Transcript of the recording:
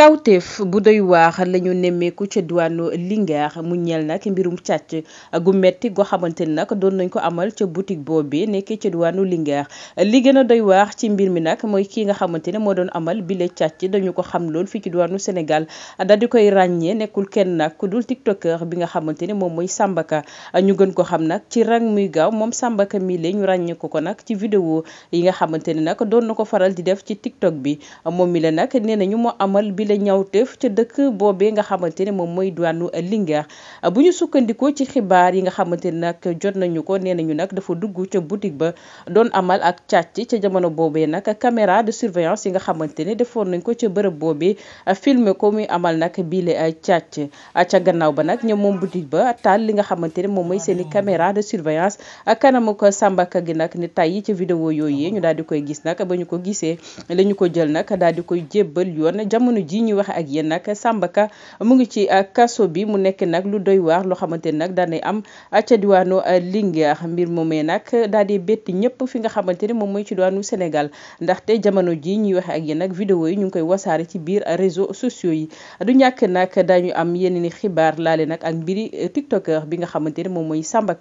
kawteef bu doy waax la ñu nemmeeku ca diwaanu Linguère mu ñel nag mbirum càcc gu metti goo xamante ni nag doon nañ ko amal ca boutique boobee nekkee ca diwaanu Linguère li gën a doy waax ci mbir mi nag mooy kii nga xamante ne moo doon amal bile càcc dañu ko xam lool fii ci diwaanu Sénégal daal di koy ràññee nekkul kenn nag ku dul tiktoker bi nga xamante ne moom mooy Sambaka ñu gën ko xam nag ci rang muy moom Sambaka mii la ñu ko nag ci vidéo yi nga xamante ne nag doon na ko faral di def ci tiktok bi moom mi la nag nee nañu moo amal bile la ñawteef ca dëkk boobee nga xamante ne moom mooy diwaanu Linguère bu ñu sukkandikoo ci xibaar yi nga xamante ne nag jot nañu ko nee nañu nag dafa dugg ca boutique ba doon amal ak càcc ca jamono boobee nag caméra de surveillance yi nga xamante ne defoon nañ ko ca bërëb boobee filmer ko muy amal nag biile càcc ca gannaaw ba nag ñoom moom boutique ba taal li nga xamante ne moom mooy seeni caméra de surveillance kanamu ko sàmbaka gi nag ni tàyyi ca vidéo yooyu ñu daal di koy gis nag ba ñu ko gisee la ko jël nag daal di koy jébbal yoon jamono ji ji ñu wax ak yéen nag Samba mu ngi ci uh, kaso bi mu nekk nag lu doy waar loo xamante nag daanay am uh, ca diwaanu uh, Linguère mbir moomee nag daal di bett ñëpp fi nga xamante ne moom mooy ci diwaanu Sénégal ndaxte jamono ji ñuy wax ak yéen nag vidéo yi ñu ngi koy wasaare ci biir réseaux sociaux yi du ñàkk nag dañu am yeneen i xibaar laale nag ak mbiri tiktokeur bi nga xamante ne moom mooy Samba